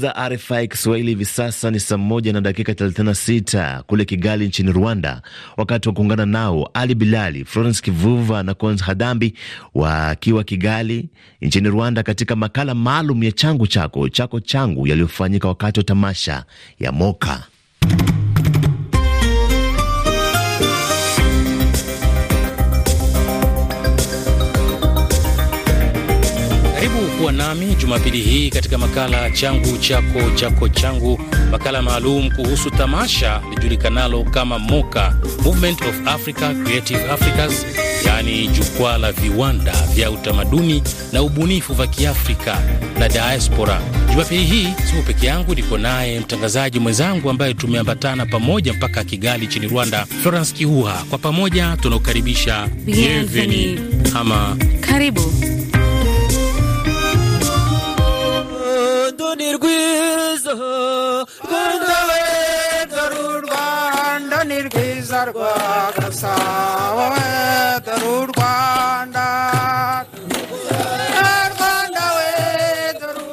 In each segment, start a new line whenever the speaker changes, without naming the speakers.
za RFI Kiswahili hivi sasa ni saa moja na dakika 36 kule Kigali nchini Rwanda, wakati wa kuungana nao Ali Bilali, Florence Kivuva na Cons Hadambi wakiwa Kigali nchini Rwanda, katika makala maalum ya changu chako chako changu yaliyofanyika wakati wa tamasha ya Moka.
kuwa nami Jumapili hii katika makala changu chako chako changu, makala maalum kuhusu tamasha lijulikanalo kama MOCA, Movement of Africa Creative Africas, yaani jukwaa la viwanda vya utamaduni na ubunifu vya Kiafrika na diaspora. Jumapili hii sipo peke yangu, niko naye mtangazaji mwenzangu ambaye tumeambatana pamoja mpaka Kigali nchini Rwanda, Florence Kihuha. Kwa pamoja tunaokaribisha bienvenue ama karibu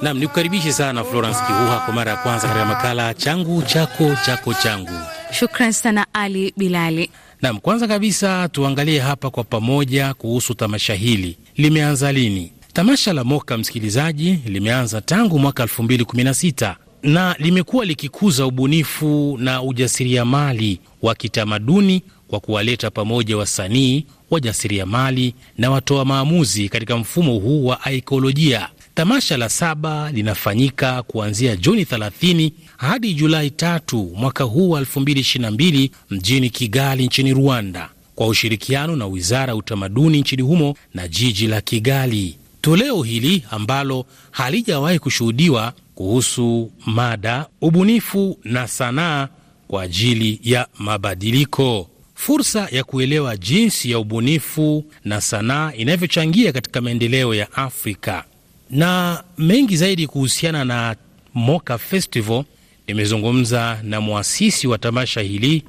nam nikukaribishe sana Florence Kihuha kwa mara ya kwanza katika makala changu chako chako changu.
Shukran sana Ali Bilali.
Nam, kwanza kabisa tuangalie hapa kwa pamoja kuhusu tamasha hili limeanza lini Tamasha la Moka, msikilizaji, limeanza tangu mwaka 2016 na limekuwa likikuza ubunifu na ujasiriamali wa kitamaduni kwa kuwaleta pamoja wasanii, wajasiriamali na watoa maamuzi katika mfumo huu wa ikolojia. Tamasha la saba linafanyika kuanzia Juni 30 hadi Julai 3 mwaka huu wa 2022 mjini Kigali nchini Rwanda, kwa ushirikiano na Wizara ya Utamaduni nchini humo na jiji la Kigali. Toleo hili ambalo halijawahi kushuhudiwa kuhusu mada ubunifu na sanaa kwa ajili ya mabadiliko, fursa ya kuelewa jinsi ya ubunifu na sanaa inavyochangia katika maendeleo ya Afrika na mengi zaidi kuhusiana na Moka Festival. Nimezungumza na mwasisi wa tamasha hili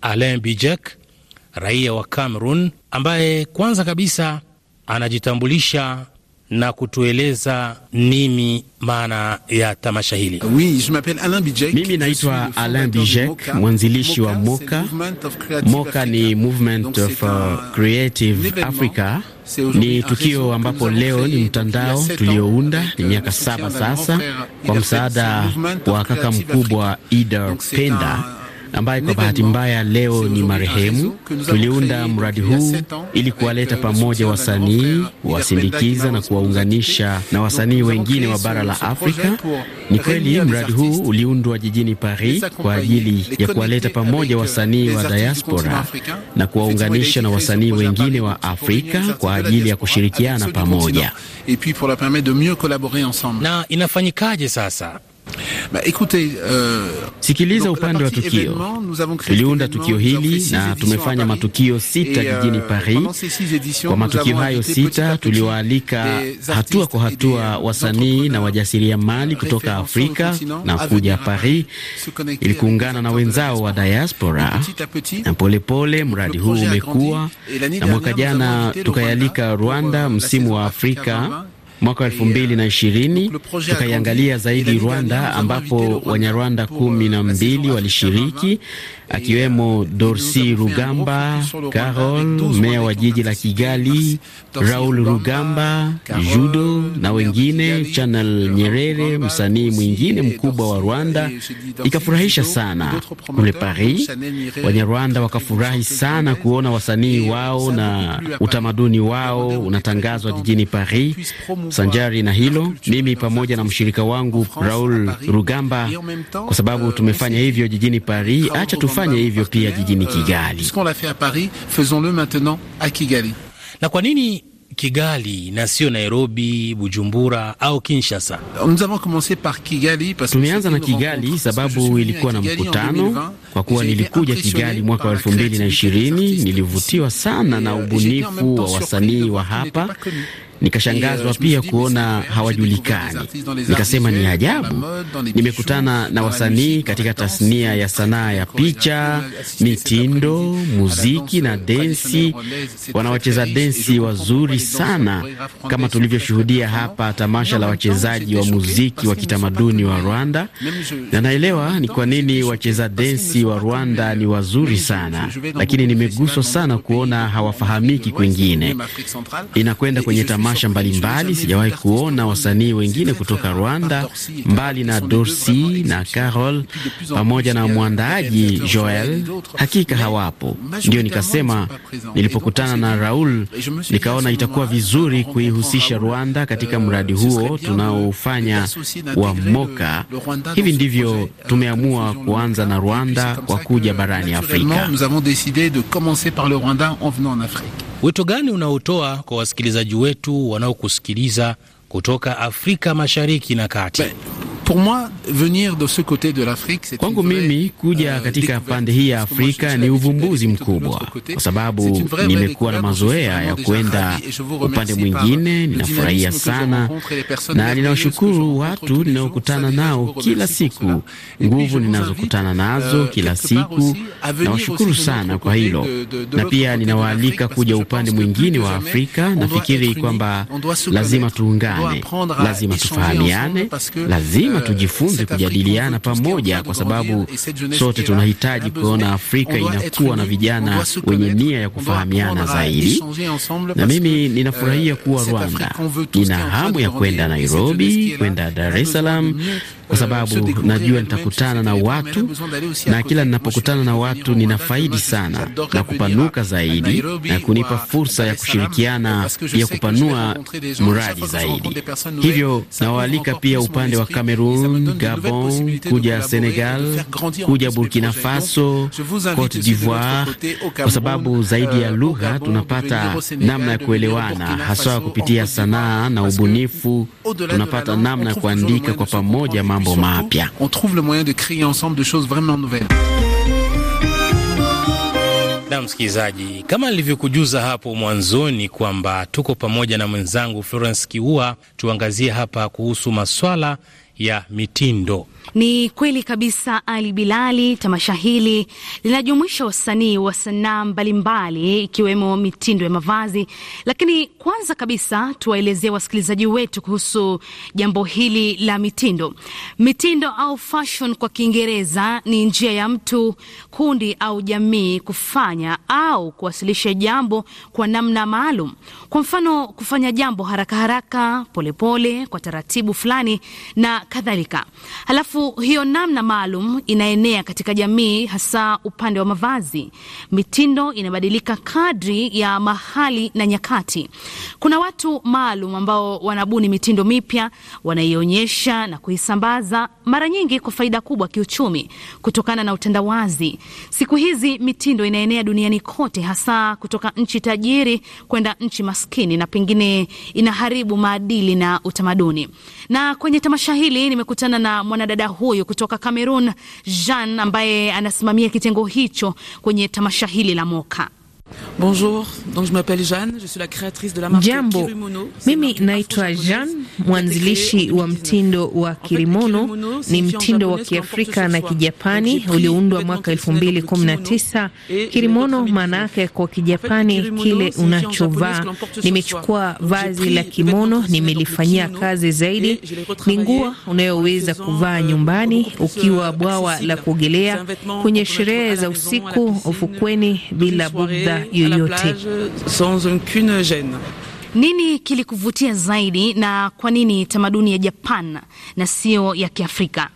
Alain Bijek, raia wa Cameroon, ambaye kwanza kabisa anajitambulisha na kutueleza nini maana ya tamasha hili. Mimi naitwa
Alain Bijek, mwanzilishi wa Moka. Moka ni Movement of Creative Africa. Uh, ni tukio ambapo leo ni mtandao tuliounda ni euh, miaka saba sasa, kwa msaada wa kaka mkubwa Ida Penda ambaye kwa bahati mbaya leo ni marehemu. Tuliunda mradi huu ili kuwaleta pamoja euh, wasanii, kuwasindikiza na kuwaunganisha na wasanii wengine wa bara la Afrika. Ni kweli mradi huu uliundwa jijini Paris kwa ajili ya kuwaleta pamoja wasanii wa diaspora na kuwaunganisha na wasanii wengine wa Afrika kwa ajili ya kushirikiana pamoja.
Na inafanyikaje sasa? Euh, Sikiliza upande wa tukio.
Tuliunda tukio hili na tumefanya matukio sita jijini euh, Paris. Kwa matukio hayo sita, tuliwaalika hatua kwa hatua wasanii na wajasiriamali kutoka Afrika na kuja Paris ili kuungana na wenzao wa diaspora, na polepole mradi huu umekuwa, na mwaka jana tukayalika Rwanda, euh, msimu wa Afrika mwaka wa elfu mbili na ishirini euh, tukaiangalia zaidi Rwanda ambapo Wanyarwanda euh, kumi na mbili walishiriki akiwemo Dorsi Rugamba, Carol meya wa jiji la Kigali, Raul Rugamba, Judo na wengine, Chanel Nyerere, msanii mwingine mkubwa wa Rwanda. Ikafurahisha sana kule Paris, Wanyarwanda wakafurahi sana kuona wasanii wao na utamaduni wao unatangazwa jijini Paris. Sanjari na hilo, mimi pamoja na mshirika wangu Raul Rugamba, kwa sababu tumefanya hivyo jijini Paris, acha tufanye Tulifanya hivyo pia jijini
euh, Kigali. Na kwa nini Kigali na sio Nairobi, Bujumbura au Kinshasa. Tumeanza na Kigali sababu ilikuwa na mkutano. Kwa kuwa nilikuja Kigali
mwaka wa elfu mbili na ishirini, nilivutiwa sana na euh, ubunifu wa wasanii wa hapa Nikashangazwa eh, pia kuona hawajulikani, nikasema ni ajabu. Nimekutana na wasanii katika tasnia ya sanaa ya picha, mitindo, muziki na densi. Wanawacheza densi wazuri sana, kama tulivyoshuhudia hapa tamasha la wachezaji wa muziki wa kitamaduni wa Rwanda, na naelewa ni kwa nini wacheza densi wa Rwanda ni wazuri sana, lakini nimeguswa sana kuona hawafahamiki kwingine. Inakwenda kwenye tamasha tamasha mbalimbali. Sijawahi kuona wasanii wengine kutoka Rwanda mbali na Dorsi na Carol pamoja na mwandaaji Joel, hakika hawapo. Ndio nikasema nilipokutana na Raul nikaona itakuwa vizuri kuihusisha Rwanda katika mradi huo tunaofanya wa Moka. Hivi ndivyo tumeamua kuanza na Rwanda kwa kuja barani Afrika.
Wito gani unaotoa kwa wasikilizaji wetu wanaokusikiliza kutoka Afrika Mashariki na Kati? Be Kwangu mimi kuja euh, katika
pande hii ya Afrika ni uvumbuzi mkubwa, kwa sababu nimekuwa na mazoea ya kwenda upande mwingine. Ninafurahia sana na ninawashukuru watu ninaokutana nao kila siku, nguvu ninazokutana nazo euh, kila siku, nawashukuru sana kwa hilo, na pia ninawaalika kuja upande mwingine wa Afrika. Nafikiri kwamba lazima tuungane, lazima tufahamiane, lazima tujifunze kujadiliana pamoja, kwa sababu sote tunahitaji kuona Afrika inakuwa na vijana wenye nia ya kufahamiana zaidi. Na mimi ninafurahia euh, kuwa Rwanda,
nina hamu ya kwenda Nairobi,
kwenda Dar es Salaam kwa sababu najua nitakutana na watu na kila ninapokutana na watu ninafaidi sana na kupanuka zaidi na kunipa fursa ya kushirikiana ya kupanua mradi zaidi. Hivyo nawaalika pia upande wa Cameroon, Gabon, kuja Senegal, kuja Burkina Faso, Cote d'Ivoire, kwa sababu zaidi ya lugha tunapata namna ya kuelewana, haswa kupitia sanaa na ubunifu. Tunapata namna ya kuandika kwa pamoja mambo mambo mapya. On trouve le moyen de créer ensemble de choses vraiment nouvelles.
Na msikilizaji, kama nilivyokujuza hapo mwanzoni kwamba tuko pamoja na mwenzangu Florence Kiua, tuangazie hapa kuhusu maswala ya mitindo.
Ni kweli kabisa, Ali Bilali. Tamasha hili linajumuisha wasanii wa sanaa mbalimbali ikiwemo mitindo ya mavazi, lakini kwanza kabisa tuwaelezee wasikilizaji wetu kuhusu jambo hili la mitindo. Mitindo au fashion kwa Kiingereza ni njia ya mtu, kundi au jamii kufanya au kuwasilisha jambo kwa namna maalum, kwa mfano kufanya jambo haraka haraka, polepole pole, kwa taratibu fulani na kadhalika. Halafu hiyo namna maalum inaenea katika jamii, hasa upande wa mavazi. Mitindo inabadilika kadri ya mahali na nyakati. Kuna watu maalum ambao wanabuni mitindo mipya, wanaionyesha na kuisambaza, mara nyingi kwa faida kubwa kiuchumi, kutokana na utandawazi. Siku hizi mitindo inaenea duniani kote, hasa kutoka nchi tajiri kwenda nchi maskini, na pengine inaharibu maadili na utamaduni. Na kwenye tamasha hili nimekutana na mwanadada huyo kutoka Cameroon Jean ambaye anasimamia kitengo hicho kwenye tamasha hili la Moka.
Bonjour, donc je m'appelle Jeanne,
je suis la créatrice de la marque Jambo. Kirimono.
Mimi naitwa Jeanne, mwanzilishi wa mtindo wa Kirimono. Ni mtindo wa Kiafrika na Kijapani ulioundwa mwaka 2019. Kirimono maana yake kwa Kijapani kile unachovaa. Nimechukua vazi la kimono, nimelifanyia kazi zaidi. Ni nguo unayoweza kuvaa euh, nyumbani, ukiwa euh, bwawa la kuogelea, kwenye sherehe za usiku, ufukweni, bila bugdha sans aucune gêne.
Nini kilikuvutia zaidi na kwa nini tamaduni ya Japan na sio ya Kiafrika?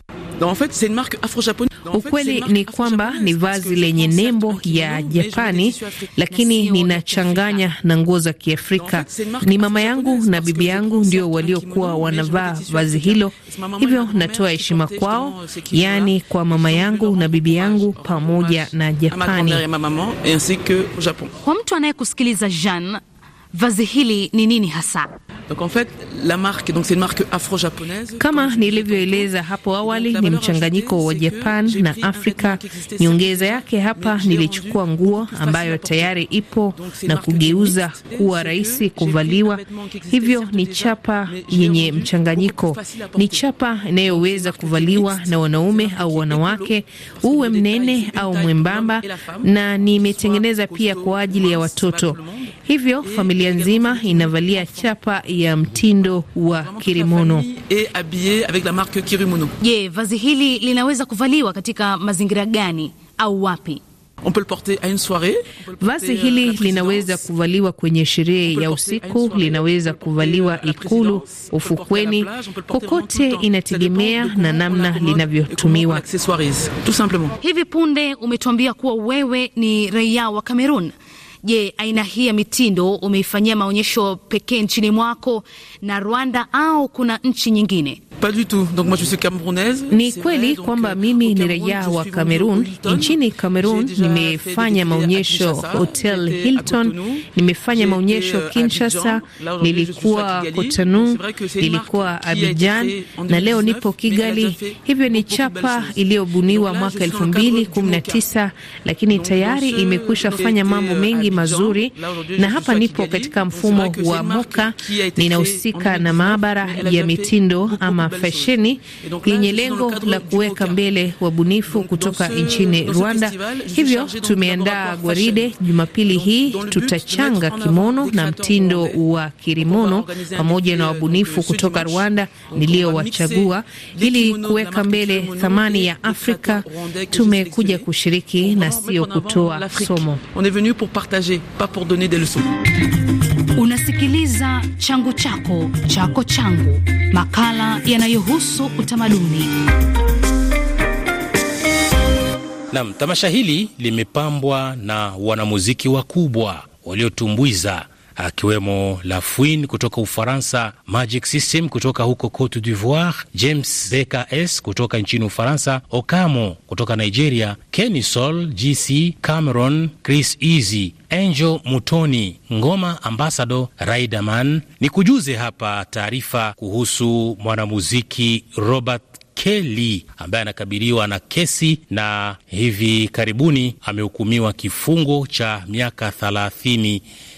Ukweli ni kwamba ni vazi lenye nembo ya Japani, lakini ninachanganya na nguo za Kiafrika. Ni mama yangu na bibi yangu ndio waliokuwa wanavaa vazi hilo, hivyo natoa heshima kwao, yaani kwa mama yangu na bibi yangu pamoja na Japani.
Kwa mtu anayekusikiliza Jean Vazi hili ni nini hasa?
Donc en fait, la marque, donc c'est une marque afro-japonaise.
Kama nilivyoeleza hapo awali,
ni mchanganyiko wa Japan na Afrika. Nyongeza yake hapa, nilichukua nguo ambayo tayari ipo na kugeuza kuwa rahisi kuvaliwa. Hivyo ni chapa yenye mchanganyiko, ni chapa inayoweza kuvaliwa na wanaume au wanawake, uwe mnene au mwembamba, na nimetengeneza pia kwa ajili ya watoto. Hivyo familia nzima inavalia chapa
ya mtindo wa
kirimono.
Je, vazi hili linaweza kuvaliwa katika mazingira gani au wapi?
Vazi hili linaweza kuvaliwa kwenye sherehe ya usiku, linaweza kuvaliwa ikulu, ufukweni, kokote, inategemea na namna linavyotumiwa.
Hivi punde umetuambia kuwa wewe ni raia wa Kamerun. Je, aina hii ya mitindo umeifanyia maonyesho pekee nchini mwako na Rwanda au kuna nchi nyingine? Ni kweli kwamba
mimi ni raia wa Cameroon. Nchini Cameroon nimefanya maonyesho Hotel Hilton, nimefanya maonyesho Kinshasa, euh, nilikuwa Cotonou, nilikuwa Abidjan na leo nipo Kigali. Hivyo ni chapa iliyobuniwa mwaka 2019 lakini tayari imekwisha fanya mambo mengi mazuri, na hapa nipo katika mfumo wa Moka. Ninahusika na maabara ya mitindo ama fesheni yenye lengo la kuweka mbele wabunifu kutoka nchini Rwanda. Hivyo tumeandaa gwaride Jumapili hii, tutachanga kimono na mtindo wa kirimono pamoja na wabunifu kutoka Rwanda niliyowachagua ili kuweka mbele thamani ya Afrika. Tumekuja kushiriki na sio kutoa somo
partager, pas pour donner des leçons.
Unasikiliza changu chako chako changu, makala yanayohusu utamaduni.
Naam, tamasha hili limepambwa na wanamuziki wakubwa waliotumbuiza akiwemo lafuin kutoka Ufaransa, Magic System kutoka huko Cote d'Ivoire, James BKS kutoka nchini Ufaransa, Okamo kutoka Nigeria, Kenisol GC, Cameron, Chris Easy, Angel Mutoni Ngoma, ambassado Raidaman. Ni kujuze hapa taarifa kuhusu mwanamuziki Robert Kelly ambaye anakabiliwa na kesi na hivi karibuni amehukumiwa kifungo cha miaka thelathini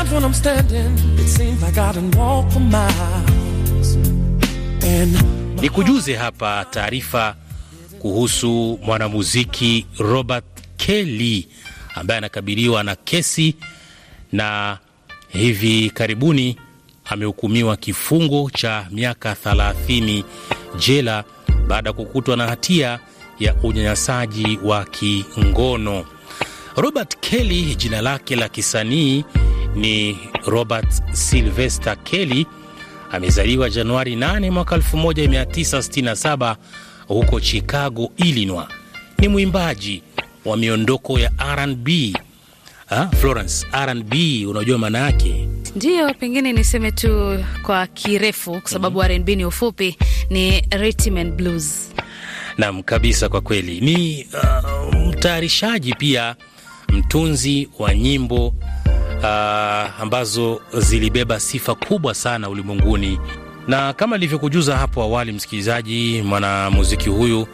times when I'm standing, it seems like I don't walk for miles.
And nikujuze hapa taarifa kuhusu mwanamuziki Robert Kelly ambaye anakabiliwa na kesi na hivi karibuni amehukumiwa kifungo cha miaka 30 jela baada ya kukutwa na hatia ya unyanyasaji wa kingono. Robert Kelly, jina lake la kisanii ni Robert Sylvester Kelly. Amezaliwa Januari 8 mwaka 1967 huko Chicago, Illinois. Ni mwimbaji wa miondoko ya R&B. Ha? Florence, R&B unajua maana yake?
Ndiyo, pengine niseme tu kwa kirefu kwa sababu mm -hmm. R&B ni ufupi, ni rhythm and blues.
Naam, kabisa, kwa kweli ni uh, mtayarishaji pia mtunzi wa nyimbo uh, ambazo zilibeba sifa kubwa sana ulimwenguni, na kama nilivyokujuza hapo awali, msikilizaji, mwanamuziki huyu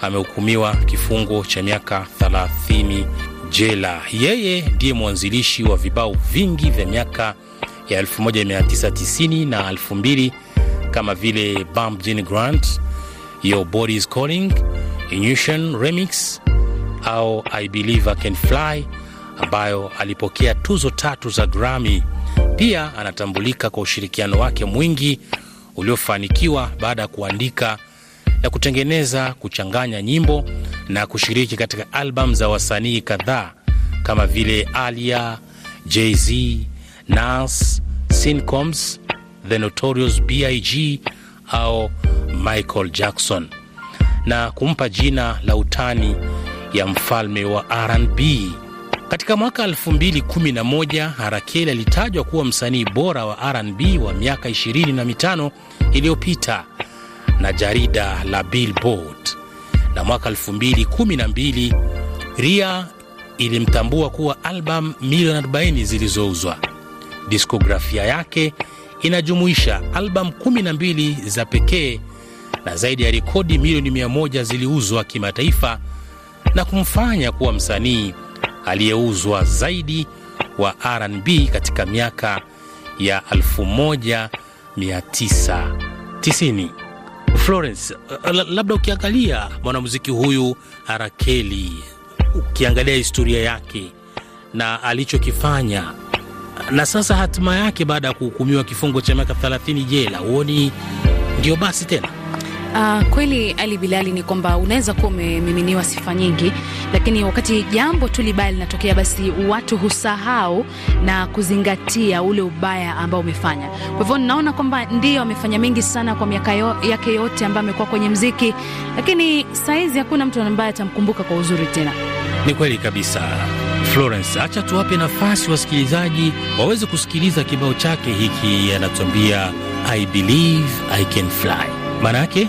amehukumiwa kifungo cha miaka 30 jela. Yeye ndiye mwanzilishi wa vibao vingi vya miaka ya 1990 na 2000 kama vile Bump Jean Grant, Your Body Is Calling, Inution Remix au I Believe I Can Fly ambayo alipokea tuzo tatu za Grammy. Pia anatambulika kwa ushirikiano wake mwingi uliofanikiwa baada ya kuandika na kutengeneza, kuchanganya nyimbo na kushiriki katika albamu za wasanii kadhaa kama vile Alia, Jay-Z, Nas, Sincoms, The Notorious B.I.G. au Michael Jackson na kumpa jina la utani ya mfalme wa R&B. Katika mwaka 2011 Harakeli alitajwa kuwa msanii bora wa R&B wa miaka 25 iliyopita na jarida la Billboard, na mwaka 2012 Ria ilimtambua kuwa albamu milioni 40 zilizouzwa. Diskografia yake inajumuisha albamu 12 za pekee na zaidi ya rekodi milioni 100 ziliuzwa kimataifa na kumfanya kuwa msanii aliyeuzwa zaidi wa R&B katika miaka ya 1990. Florence, uh, labda ukiangalia mwanamuziki huyu Arakeli, ukiangalia historia yake na alichokifanya na sasa hatima yake baada ya kuhukumiwa kifungo cha miaka 30 jela, huoni ndio basi tena?
Uh, kweli Ali Bilali, ni kwamba unaweza kuwa umemiminiwa sifa nyingi, lakini wakati jambo tu libaya linatokea, basi watu husahau na kuzingatia ule ubaya ambao umefanya. Kwa hivyo naona kwamba ndio amefanya mengi sana kwa miaka yake yote ambayo amekuwa kwenye mziki, lakini saizi hakuna mtu ambaye atamkumbuka kwa uzuri tena.
Ni kweli kabisa. Florence, acha tuwape nafasi wasikilizaji waweze kusikiliza kibao chake hiki, anatuambia I believe I can fly. Maana yake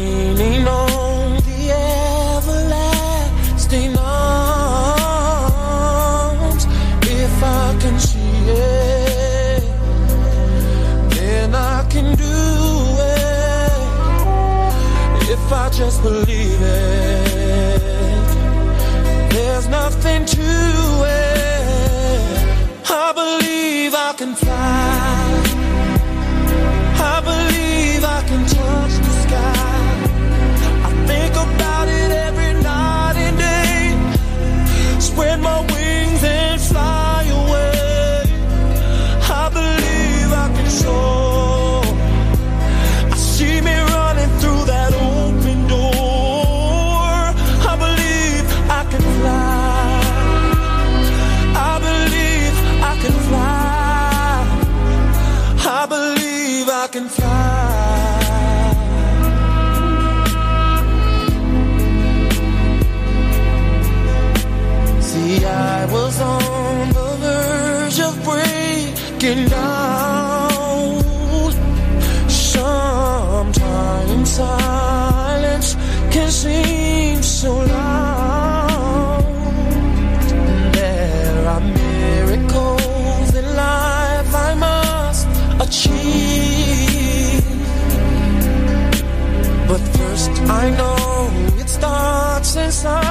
sun.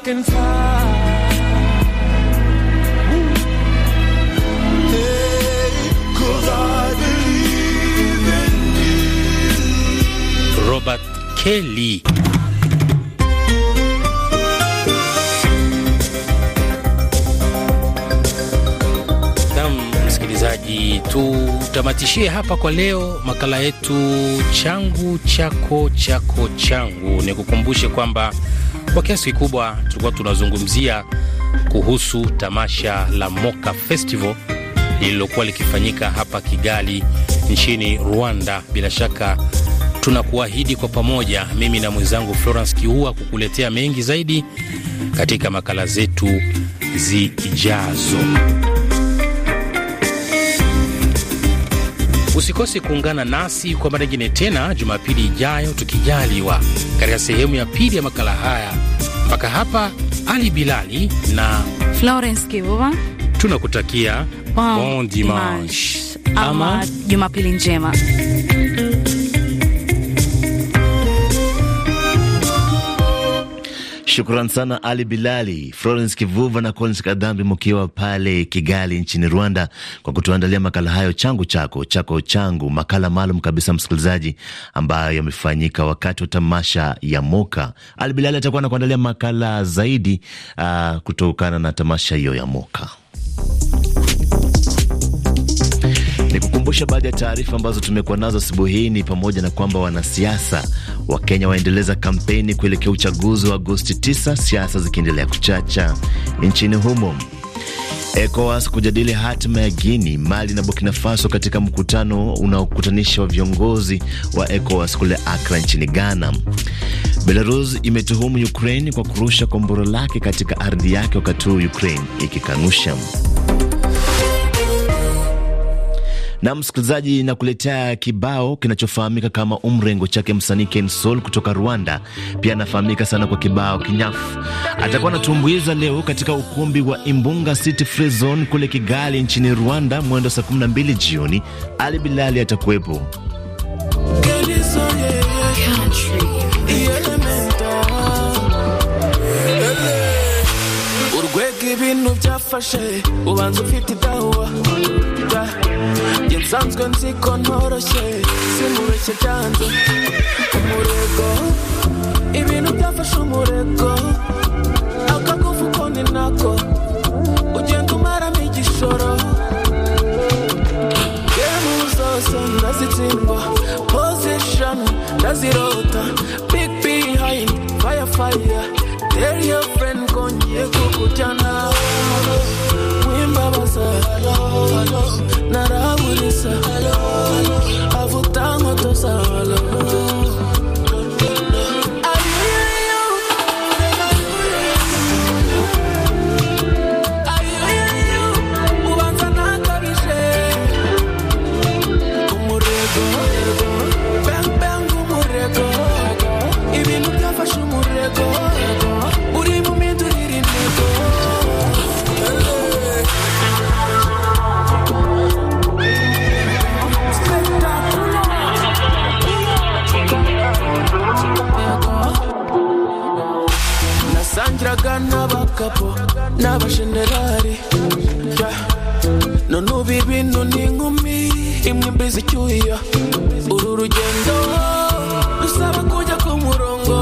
fucking find.
Robert Kelly. Msikilizaji, tutamatishie hapa kwa leo makala yetu changu chako chako changu. Nikukumbushe kwamba kwa kiasi kikubwa tulikuwa tunazungumzia kuhusu tamasha la Moka Festival lililokuwa likifanyika hapa Kigali nchini Rwanda. Bila shaka tunakuahidi kwa pamoja, mimi na mwenzangu Florence Kiua, kukuletea mengi zaidi katika makala zetu zijazo. Usikose kuungana nasi kwa mara nyingine tena Jumapili ijayo tukijaliwa, katika sehemu ya pili ya makala haya. Mpaka hapa, Ali Bilali na
Florence Kivuva
tunakutakia bon, bon dimanche
ama Jumapili njema.
Shukran sana Ali Bilali, Florence Kivuva na Collins Kadhambi mkiwa pale Kigali nchini Rwanda kwa kutuandalia makala hayo, changu chako chako changu, makala maalum kabisa msikilizaji, ambayo yamefanyika wakati wa tamasha ya Moka. Ali Bilali atakuwa anakuandalia makala zaidi uh, kutokana na tamasha hiyo ya Moka. Nikukumbusha baadhi ya taarifa ambazo tumekuwa nazo asubuhi hii ni pamoja na kwamba wanasiasa Wakenya waendeleza kampeni kuelekea uchaguzi wa Agosti 9, siasa zikiendelea kuchacha nchini humo. ECOWAS kujadili hatima ya Guini, Mali na Burkina Faso katika mkutano unaokutanisha wa viongozi wa ECOWAS kule Akra nchini Ghana. Belarus imetuhumu Ukraine kwa kurusha kombora lake katika ardhi yake, wakati huu Ukraine ikikanusha. Na msikilizaji, na kuletea kibao kinachofahamika kama Umrengo chake msanii Ken Soul kutoka Rwanda. Pia anafahamika sana kwa kibao Kinyafu. Atakuwa anatumbuiza leo katika ukumbi wa Imbunga City Free Zone kule Kigali nchini Rwanda mwendo saa 12 jioni. Ali Bilali atakuwepo.
ubanza ufite njye nsanzwe nzi ko ntoroshye simubeshye byanze umurego ibintu byafashe umurego akagufu ko ni nako ugenda umaramo igishoro gemu zose ndazitsindwa pozishani ndazirota big behind fire fire tell your friend ko ngiye kukujyana Hello, hello, hello, Nara Hello, hello, alo Avutango hello, abaganga n'abagabo n'abajenerali none ubu ibintu ni inkumi imwe imbizi icyuya uru rugendo rusaba kujya ku murongo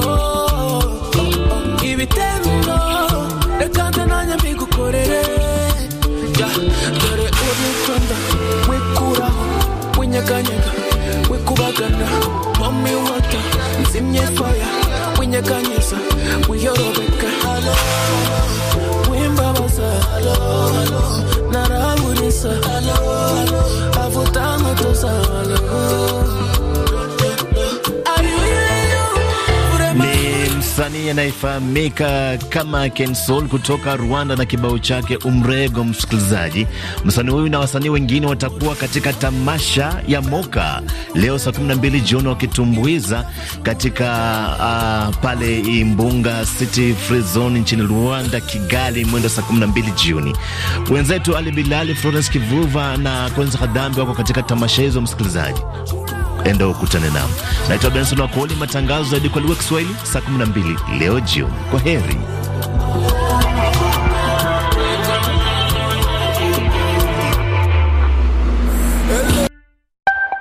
ibitendo reka nze nanjye mbigukorere dore uritonda wikuraho winyeganyega wikubagana mami wata nzimye faya winyeganyeza wiyoroba
anayefahamika kama Kensol kutoka Rwanda na kibao chake Umrego. Msikilizaji, msanii huyu na wasanii wengine watakuwa katika tamasha ya Moka leo saa 12 jioni wakitumbuiza katika uh, pale Imbunga City Free Zone nchini Rwanda, Kigali, mwendo saa 12 jioni. Wenzetu Ali Bilali, Florence Kivuva na Kwenza Kadambi wako katika tamasha hizo, msikilizaji enda ukutane nao. Naitwa Benson Wakoli, matangazo ya jukwaa la Kiswahili saa 12 leo jioni. Kwa heri.